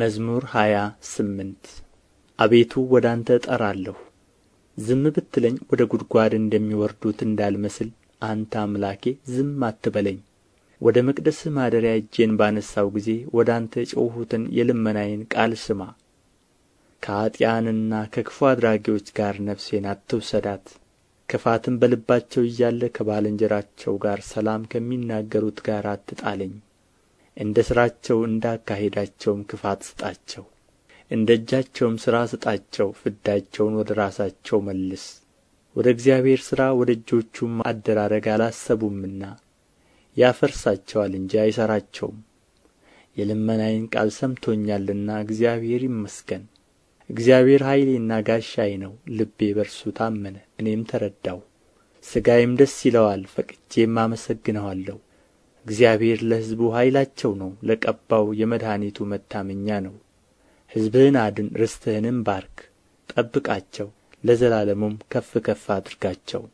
መዝሙር ሃያ ስምንት አቤቱ ወደ አንተ እጠራለሁ ዝም ብትለኝ ወደ ጕድጓድ እንደሚወርዱት እንዳልመስል አንተ አምላኬ ዝም አትበለኝ ወደ መቅደስህ ማደሪያ እጄን ባነሣሁ ጊዜ ወደ አንተ የጮኽሁትን የልመናዬን ቃል ስማ ከኀጥኣንና ከክፉ አድራጊዎች ጋር ነፍሴን አትውሰዳት ክፋትም በልባቸው እያለ ከባልንጀራቸው ጋር ሰላም ከሚናገሩት ጋር አትጣለኝ እንደ ሥራቸው እንዳካሄዳቸውም ክፋት ስጣቸው እንደ እጃቸውም ሥራ ስጣቸው ፍዳቸውን ወደ ራሳቸው መልስ ወደ እግዚአብሔር ሥራ ወደ እጆቹም አደራረግ አላሰቡምና ያፈርሳቸዋል እንጂ አይሠራቸውም የልመናዬን ቃል ሰምቶኛልና እግዚአብሔር ይመስገን እግዚአብሔር ኃይሌና ጋሻዬ ነው ልቤ በእርሱ ታመነ እኔም ተረዳሁ ሥጋዬም ደስ ይለዋል ፈቅጄም አመሰግነዋለሁ እግዚአብሔር ለሕዝቡ ኃይላቸው ነው ለቀባው የመድኃኒቱ መታመኛ ነው ሕዝብህን አድን ርስትህንም ባርክ ጠብቃቸው ለዘላለሙም ከፍ ከፍ አድርጋቸው